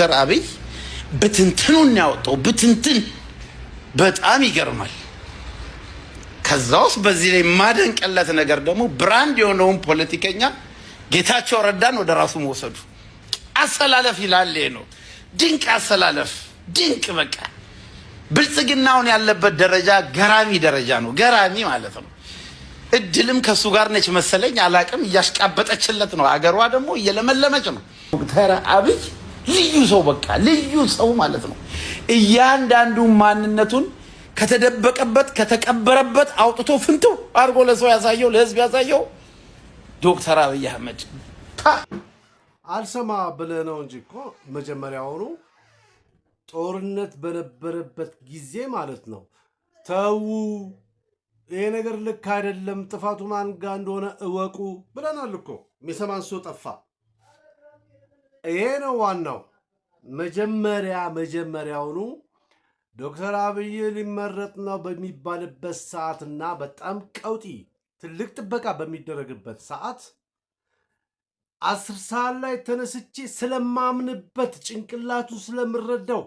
ዶክተር አብይ ብትንትኑን ያወጣው ብትንትን በጣም ይገርማል። ከዛ ውስጥ በዚህ ላይ ማደንቀለት ነገር ደግሞ ብራንድ የሆነውን ፖለቲከኛ ጌታቸው ረዳን ወደ ራሱ መውሰዱ አሰላለፍ ይላል ነው። ድንቅ አሰላለፍ፣ ድንቅ በቃ ብልጽግናውን ያለበት ደረጃ ገራሚ ደረጃ ነው። ገራሚ ማለት ነው። እድልም ከእሱ ጋር ነች መሰለኝ፣ አላቅም። እያሽቃበጠችለት ነው። አገሯ ደግሞ እየለመለመች ነው። ዶክተር አብይ ልዩ ሰው በቃ ልዩ ሰው ማለት ነው። እያንዳንዱ ማንነቱን ከተደበቀበት ከተቀበረበት አውጥቶ ፍንትው አድርጎ ለሰው ያሳየው ለህዝብ ያሳየው ዶክተር አብይ አህመድ አልሰማ ብለህ ነው እንጂ እኮ መጀመሪያውኑ ጦርነት በነበረበት ጊዜ ማለት ነው። ተዉ ይሄ ነገር ልክ አይደለም፣ ጥፋቱ ማን ጋ እንደሆነ እወቁ ብለናል እኮ። የሚሰማን ሰው ጠፋ። ይሄ ነው ዋናው። መጀመሪያ መጀመሪያውኑ ዶክተር አብይ ሊመረጥ ነው በሚባልበት ሰዓትና በጣም ቀውጢ ትልቅ ጥበቃ በሚደረግበት ሰዓት አስር ሰዓት ላይ ተነስቼ ስለማምንበት ጭንቅላቱን ስለምረዳው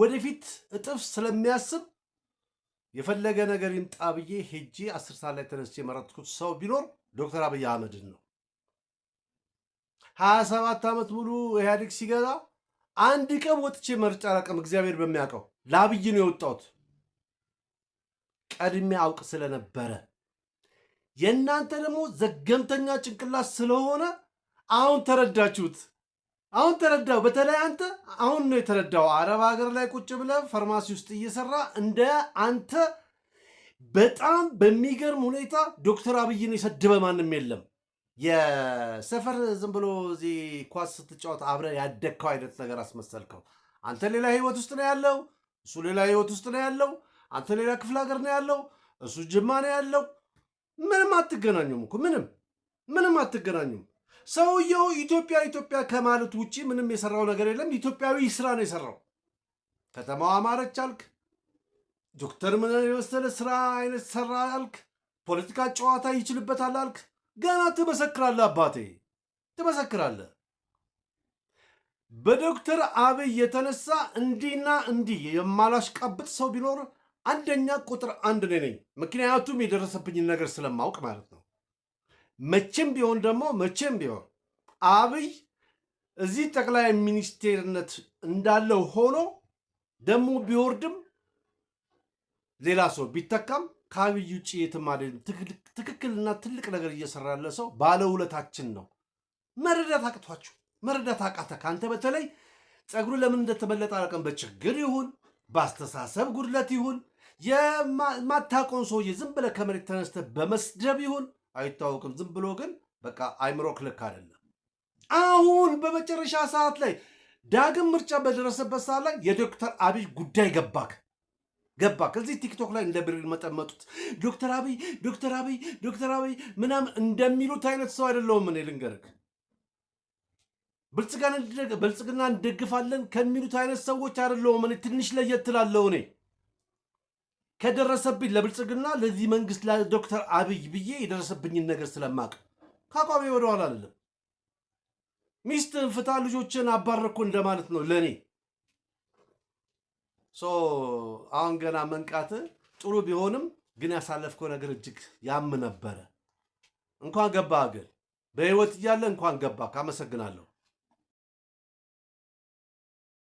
ወደፊት እጥፍ ስለሚያስብ የፈለገ ነገር ይምጣ ብዬ ሄጄ አስር ሰዓት ላይ ተነስቼ የመረጥኩት ሰው ቢኖር ዶክተር አብይ አህመድን ነው። ሀያ ሰባት ዓመት ሙሉ ኢህአዴግ ሲገዛ አንድ ቀን ወጥቼ መርጫ አላውቅም። እግዚአብሔር በሚያውቀው ለአብይ ነው የወጣሁት። ቀድሜ አውቅ ስለነበረ የእናንተ ደግሞ ዘገምተኛ ጭንቅላት ስለሆነ አሁን ተረዳችሁት። አሁን ተረዳው። በተለይ አንተ አሁን ነው የተረዳው። አረብ ሀገር ላይ ቁጭ ብለህ ፋርማሲ ውስጥ እየሰራ እንደ አንተ በጣም በሚገርም ሁኔታ ዶክተር አብይን የሰደበ ማንም የለም። የሰፈር ዝም ብሎ እዚህ ኳስ ስትጫወት አብረን ያደግከው አይነት ነገር አስመሰልከው። አንተ ሌላ ህይወት ውስጥ ነው ያለው፣ እሱ ሌላ ህይወት ውስጥ ነው ያለው። አንተ ሌላ ክፍለ ሀገር ነው ያለው፣ እሱ ጅማ ነው ያለው። ምንም አትገናኙም እኮ ምንም ምንም አትገናኙም። ሰውየው ኢትዮጵያ ኢትዮጵያ ከማለት ውጭ ምንም የሰራው ነገር የለም። ኢትዮጵያዊ ስራ ነው የሰራው። ከተማዋ አማረች አልክ፣ ዶክተር ምን የመሰለ ስራ አይነት ሰራ አልክ፣ ፖለቲካ ጨዋታ ይችልበታል አልክ። ገና ትመሰክራለህ አባቴ ትመሰክራለህ። በዶክተር አብይ የተነሳ እንዲህና እንዲህ የማላሽቃብጥ ሰው ቢኖር አንደኛ ቁጥር አንድ እኔ ነኝ። ምክንያቱም የደረሰብኝን ነገር ስለማውቅ ማለት ነው። መቼም ቢሆን ደግሞ መቼም ቢሆን አብይ እዚህ ጠቅላይ ሚኒስቴርነት እንዳለው ሆኖ ደግሞ ቢወርድም ሌላ ሰው ቢተካም ከአብይ ውጭ የትም ትክክልና ትልቅ ነገር እየሰራ ያለ ሰው ባለውለታችን ነው። መረዳት አቅቷችሁ መረዳት አቃተ። ከአንተ በተለይ ፀጉሩ ለምን እንደተመለጠ አላውቅም። በችግር ይሁን በአስተሳሰብ ጉድለት ይሁን የማታቆን ሰውዬ ዝም ብለህ ከመሬት ተነስተህ በመስደብ ይሁን አይታወቅም። ዝም ብሎ ግን በቃ አይምሮ ክልክ አይደለም። አሁን በመጨረሻ ሰዓት ላይ ዳግም ምርጫ በደረሰበት ሰዓት ላይ የዶክተር አብይ ጉዳይ ገባክ። ገባ። ከዚህ ቲክቶክ ላይ እንደ ብርር መጠመጡት ዶክተር አብይ ዶክተር አብይ ዶክተር አብይ ምናምን እንደሚሉት አይነት ሰው አይደለውም። እኔ ልንገርህ። ብልጽግና እንደግፋለን ከሚሉት አይነት ሰዎች አይደለሁም እኔ። ትንሽ ለየት ትላለው። እኔ ከደረሰብኝ ለብልጽግና ለዚህ መንግስት ለዶክተር አብይ ብዬ የደረሰብኝን ነገር ስለማቅ ከአቋሜ ወደኋላ አልልም። ሚስትህን ፍታ ልጆችን አባረኩ እንደማለት ነው ለእኔ። አሁን ገና መንቃት ጥሩ ቢሆንም ግን ያሳለፍከው ነገር እጅግ ያም ነበረ። እንኳን ገባ ግን በህይወት እያለ እንኳን ገባ። አመሰግናለሁ።